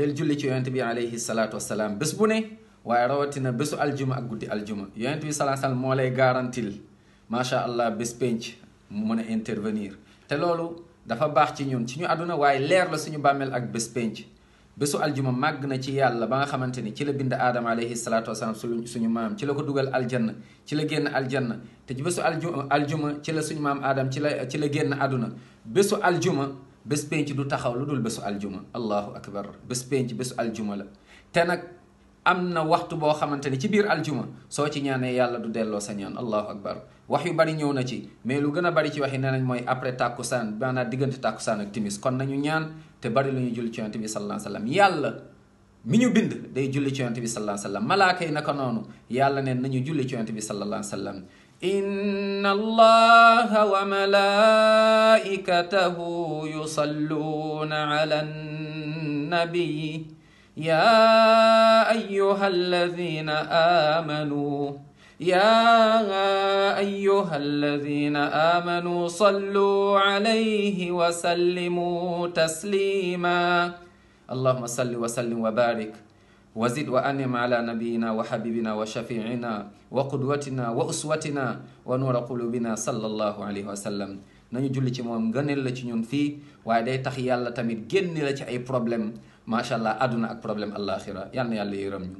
del julli ci yonent bi alayhi salaatu wasalaam bés bu ne waaye rawatina bésu aljuma ak guddi aljuma yonent bi salaa salaam moo lay garantil macha allah bés penc mu mën a intervenir te loolu dafa baax ci ñun ci àdduna waaye leer la suñu bàmmeel ak bés penc aljuma màgg na ci yàlla ba nga xamante ni ci la bind aadama alayhi salaatu wasalaam suñu suñu maam ci la ko dugal aljanna ci la génn aljanna te ci bésu aljuma aljuma ci la suñu maam aadam ci la ci la génn àdduna bésu aljuma bés penc du taxaw lu dul bésu aljuma allahu akbar bés penc bésu aljuma la te nag am na waxtu boo xamante ni ci biir aljuma soo ci ñaanee yàlla du delloo sa ñaan allahu akbar wax yu bari ñëw na ci mais lu gën a bari ci wax yi nee nañ mooy après tàkku tàkkusaan maanaam diggante tàkkusaan ak timis kon nañu ñaan te bari lu ñu julli ci yonent bi sallallahu alayhi wasallam yàlla mi ñu bind day julli ci bi sallallahu alayhi wasallam malaaka naka noonu yàlla ne nañu julli ci yonent bi sallallahu alayhi wasallam إن الله وملائكته يصلون على النبي يا أيها الذين آمنوا يا أيها الذين آمنوا صلوا عليه وسلموا تسليما اللهم صل وسلم وبارك وزد وأنم على نبينا وحبيبنا وشفيعنا وقدوتنا وأسوتنا ونور قلوبنا صلى الله عليه وسلم nañu julli ci moom ngëneel la ci ñun fii waaye day tax yàlla tamit génne la ci ay problème macha allah àdduna ak problème àllaaxira yal na yàlla yërëm ñu